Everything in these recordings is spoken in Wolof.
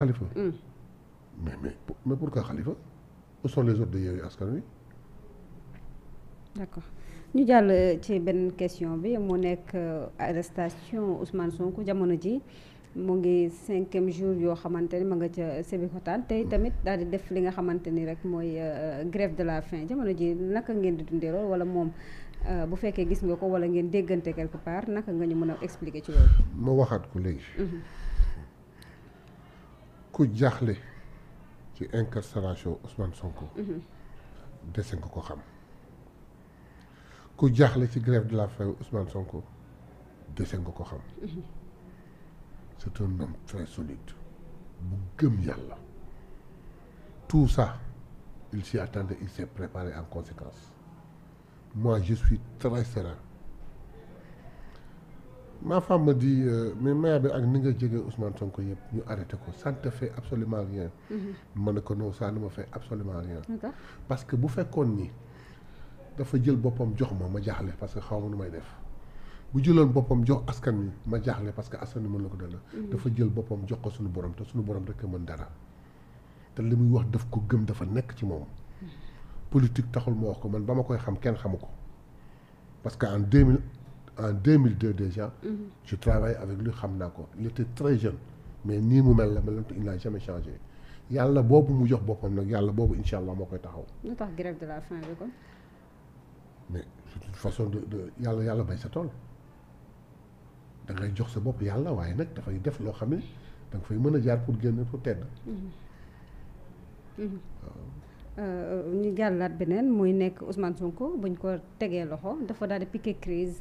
Khalifa. Mm. mais mais mais pourquoi Khalifa où les autres de Yewwi Wi. ñu jàll euh, ci benn question bi mu nekk euh, arrestation Ousmane Sonko jamono ji mu ngi cinquième jour yoo xamante ni ma nga ca Sébikotane tey tamit daal di def li nga xamante ni rek mooy euh, grève de la fin jamono ji naka ngeen di dundee lool wala moom bu fekkee gis nga ko wala ngeen déggante quelque part naka nga ñu mën a expliquer ci loolu. ma waxaat ko léegi. Mm-hmm. ku jaaxle ci incarcération Ousmane Sonko. Mhm. dese nga ko xam. ku jaaxle ci grève de la faim Ousmane Sonko dese nga ko xam. Mhm. c'est un homme très solide. bu gëm yàlla. tout ça il s'y attendait il s'est préparé en conséquence. moi je suis très serein. ma femme me dit euh, mais bi ak ni nga jege Ousmane Sonko yëpp ñu arrêté ko ça ne te fait absolument rien. Mhm. ma ne ko non ça ne me fait absolument rien. Okay. parce que bu fekkoon ni dafa jël boppam jox ma ma jaaxle parce que xaw ma nu may def bu jëloon boppam jox askan wi ma jaaxle parce que askan wi mën la ko dana. Mhm. dafa jël boppam jox ko suñu borom te suñu borom rek mën dara te li muy wax daf ko gëm dafa nekk ci moom. Mhm. politique taxul ma wax ko man ba ma koy xam kenn xamu ko parce que en 2000 en 2002 déjà. Mhm. je travaille avec lui xam naa ko il était très jeune mais nii mu mel la meloon il n'a jamais changé yàlla boobu mu jox boppam nag yàlla boobu incha allah moo koy taxaw. lu tax grève de la faim bi kon. mais c'est une façon de de yàlla yàlla bay sa tool da jox sa bopp yàlla waaye nag dafay def loo xam ne da fay mën a jaar pour génn pour tedd. Mhm. Euh, euh, ñu jàllaat beneen muy nekk Ousmane Sonko buñ ko tegee loxo dafa daal di crise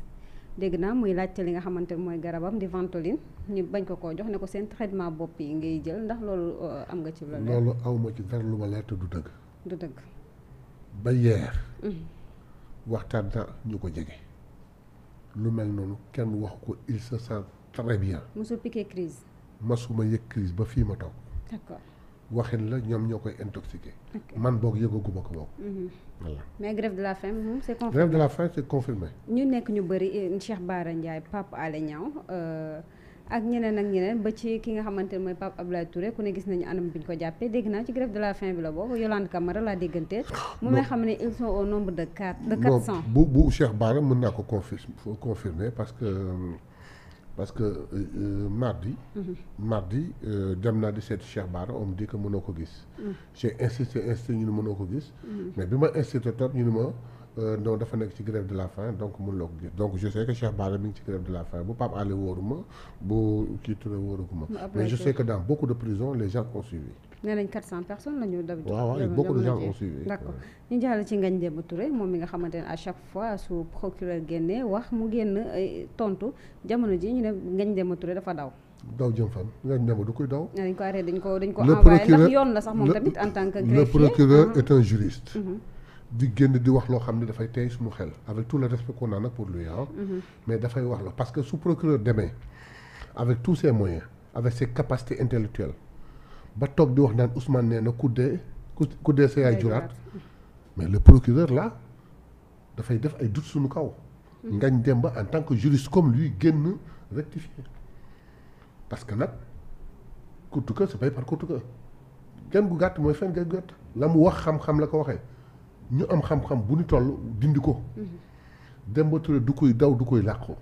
dégg naa muy laajte li nga xamante ne mooy garabam di ventoline ñu bañ ko koo jox ne ko seen traitement bopp yi ngay jël ndax loolu euh, am nga ci loolu. loolu awma ci dara lu ma leer te du dëgg. du dëgg. ba yeer. Mm-hmm. waxtaan na ñu ko jege. lu mel noonu kenn wax ko il se sent très bien. mosul piqué crise. masuma yëg crise ba fii ma toog. d'accord. waxin la ñoom ñoo koy intoxiqué. man boog yëgaguma ko boog. Mhm. voilà mais grève de la faim moom c' est confirmé. de la faim c' ñu nekk ñu bëri eh, Cheikh Bara Ndiaye Pape Alé Niang euh, ak ñeneen ak ñeneen ba ci ki nga xamante ne mooy Pape Abdoulaye Touré ku ne gis nañu anam bi ñu ko jàppee dégg naa ci grève de la faim bi la bokk Yolande Camara laa déggante. Ah, mu may xam ne ils sont au nombre de quatre de quatre cent. bu bu Cheikh Bara mën naa ko confirmer parce que. Euh, parce que euh, euh mardi. Mm -hmm. mardi euh, dem naa di seet Cheikh Bara on me dit mënoo ko gis. Mm. j'ai insisté insisté ñu ne mënoo ko gis. Mm. mais bi ma insisté trop ñu ne ma. Euh, non dafa nekk ci grève de la faim donc mun loo ko gis donc je sais que Cheikh Bara mi ngi ci grève de la faim bu Pape Alé wóoruma bu kii Touré wóoruguma mais je sais que dans beaucoup de prison les gens nee nañ 400 personnes la ñu. dem waaw waaw beaucoup de gens ont suivi. d'accord ñu jàll ci Ngagne Demba Touré moom mi nga xamante ne à chaque fois su procureur génnee wax mu génn tontu jamono ji ñu ne Ngagne Demba Touré dafa daw. daw jëm fan Ngagne Demba du koy daw. dañ ko arrêté dañ ko dañ ko envoyé ndax yoon la sax moom tamit en tant que. greffier le procureur uh-huh. est uh-huh. di génn di wax loo xam ne dafay tey suñu xel avec tout le respect qu'on a nag pour lui uh-huh. mais dafay wax la parce que su procureur demee avec tous ses moyens avec ses capacités ba toog di wax naan Ousmane nee na ku dee ku dee sa yaay juraat mais le procureur là dafay def ay doute suñu kaw. Mm. Ngagne Demba en tant que juriste comme lui génn rectifier parce que nag courte que c'est payé par courte kenn gu gàtt mooy fen gu gàtt la mu wax xam-xam la ko waxee ñu am xam-xam bu ñu toll dindi ko. Mm-hmm. Demba du koy daw du koy làqu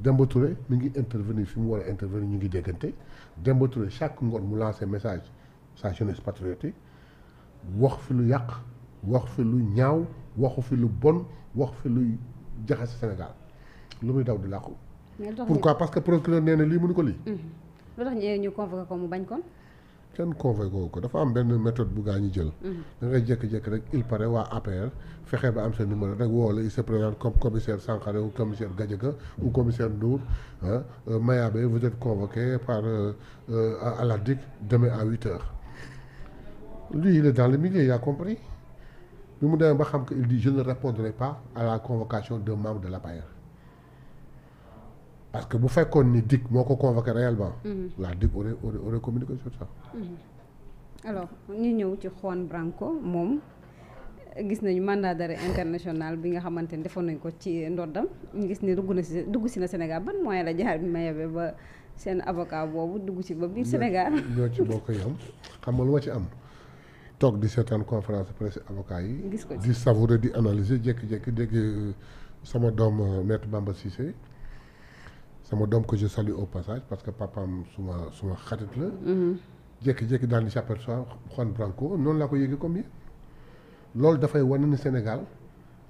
Demba Touré mi ngi intervenir fi mu war a intervenir ñu ngi déggante Demba Touré chaque ngoon mu lancé message sa jeunesse patriotique wax fi lu yàq wax fi lu ñaaw waxu fi lu bon wax fi lu jaxase Sénégal lu muy daw di làqu pourquoi parce que procureur nee na lii mënu ko lii lu tax ñu convoqué ko mu bañ kon kenn convoqué ko dafa am benn méthode bu gaa ñu jël. Mhm. da ngay jékki rek il paraît waa APR fexe ba am sa numéro rek woo la il se présente comme commissaire Sankhare ou commissaire Gadiaga ou commissaire Ndour ah euh, Mayabé vous êtes convoqué par euh, euh, à la à huit heures. lui il est dans le milieu il compris bi mu demee ba xam que il dit je ne répondrai pas à la convocation de membre de la l'APR. parce que bu fekkoon ni dikk moo ko convoqué réellement. Mhm. la DIC aurait aurait aurait communiqué sur ça. Mhm. alors ñu ñëw ci Juan Branco moom gis nañu mandat d'arrêt international bi nga xamante ni defoon nañ ko ci ndoddam ñu gis ni dugg na si dugg si na Sénégal ban moyen la jaar bi ma yebee ba seen avocat boobu dugg si ba biir Sénégal. ñoo ci bokk yam xam nga lu ci am toog di seetaan conférence presse avocat yi. gis ko di savourer di analyser jékki-jékki dégg euh, sama doom euh, sama doom que je salue au passage parce que papaam suma suma xarit la. Mhm. jékki-jékki daal di s'aperçoit Juan Branco noonu laa ko yëgee comme yéen. loolu dafay wane ni Sénégal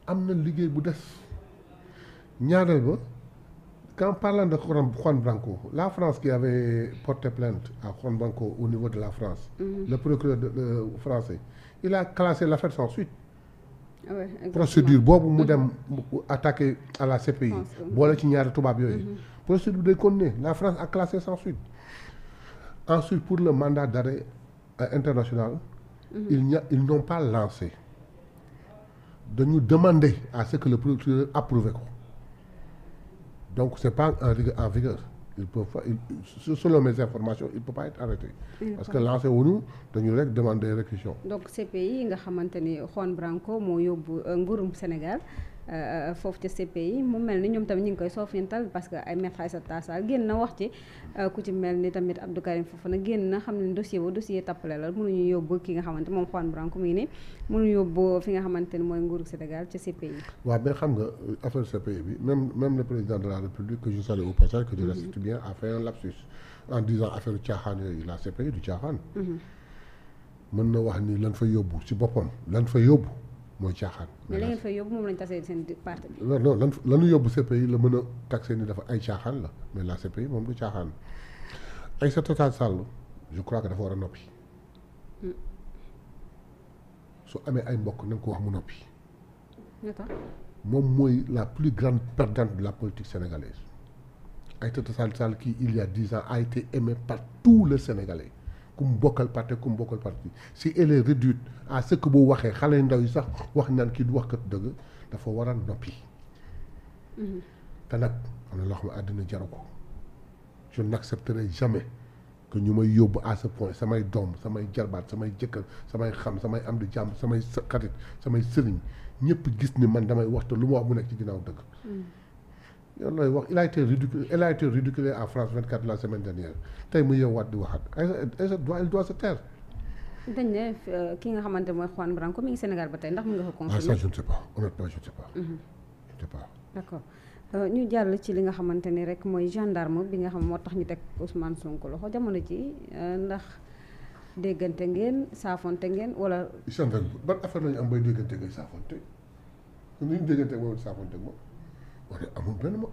am na liggéey bu des ñaareel ba quand parlant de Juan Branco la France qui avait porté plainte à Juan Branco au niveau de la France. Mm -hmm. le procureur de, de, français il a classé l'affaire sans suite. Ah procédure boobu mu mhm. dem attaqué à la CPI boole ci ñaari tubaab yooyu mhm. procédure de continuer la France a classé sans suite ensuite pour le mandat d'arrêt euh, international mhm. il n'y a pas lancé dañu demande à ce que le procureur approuve ko donc c'est pas en rigueur en vigueur il peut fa selon mes informations il peut pas être arrêté. parce que wu wuñu dañu rek demander réquisition. donc CPI nga xamante ni Juan Branco moo yóbbu euh, nguurum Sénégal. Euh, euh, foofu ca CPI mu mel ni ñoom tamit ñu ngi koy soofintal parce que ay maître Aïssata Tall génn na wax ci euh, ku ci mel ni tamit Abdou Karim Fofana génn na xam ne dossier ba dossier tappale la mënuñu yóbbu ki nga xamante moom Juan Branco mu ngi ne mënuñu yóbbu fi nga xamante ne mooy nguuru Sénégal ca CPI. waaw mais xam nga affaire CPI bi même même le président de la République que je salue au passage que je mhm. a fait un du caaxaan. Mhm. mën na wax ni lan fa yóbbu ci boppam lan fa yóbbu. mooy caaxaan. mais la ngeen fay yóbbu moom lañ tasee seen parti bi. non non lan lanu yóbbu CPI la mën a taxé ni dafa ay caaxaan la mais la CPI moom du caaxaan Aïssata Tall Sall je crois que dafa war a noppi. Hmm. su amee ay mbokk na ko wax mu noppi. moom mooy la plus grande perdante de la politique sénégalaise Aïssata Tall Sall qui il y a dix ans a été aimé par tous ku bokkal parti ku bokkal parti si elle est réduite à ce que bu waxee xale yu ndaw yi sax wax naan kii du wax kat dëgg dafa war a noppi. Mhm. te nag am na loo xam àddina jaru ko je n'accepterai jamais que ñu may yóbbu à ce point samay doom samay jarbaat samay jëkkër samay xam samay am di jàmm samay xarit samay sëriñ ñëpp gis ni man damay waxta lu ma wax mu nekk ci ginnaaw dëgg. Mhm. yow looy wax il a été ridicule il a été ridiculé à France 24 la semaine dernière tey mu yeewaat di waxaat Aïssa doit il doit se taire. dañ ne euh, ki nga xamante mooy Juan Branco mi ngi Sénégal ba tey ndax mu nga ko confirmer. ah ça je ne sais pas honnêtement je ne sais pas. Mhm. je ne sais pas. d' accord euh, ñu jàll ci li nga xamante ni rek mooy gendarme bi nga xam moo tax ñu teg Ousmane Sonko loxo jamono ji euh, ndax déggante ngeen saafonte ngeen wala. gendarme ban affaire la ñu am bay déggante ngay saafonte nu ñu déggante wala saafonte moom. on amul benn mu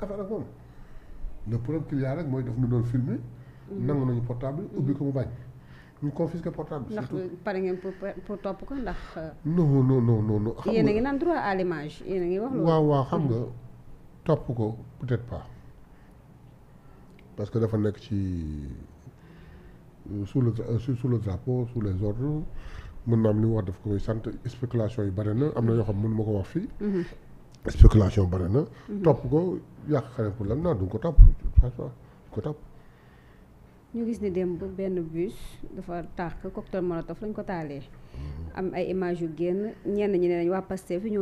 rek mooy daf ñu doon filmer mm-hmm. nangu nañu portable mm-hmm. ubbi ko mu bañ. ñu bi surtout ndax pare ngeen pour pour ko ndax. Euh, non non non non non. xam nga mm-hmm. topp ko peut-être pas parce que dafa nekk ci euh, sous le euh, sous le drapeau sous les ordres mën naa am li mu wax daf koy sant spéculation yi bari na am na yoo xam ne ma ko wax fii. spéculation bari na. Mhm. topp ko yàq xale pour lan naa du ko topp franchement du ko topp. ñu gis ni démb benn bus dafa tàkk cocktail molotov lañ ko taalee. Mhm. am ay images yu génn ñenn ñi ne nañ waa Pastef ñu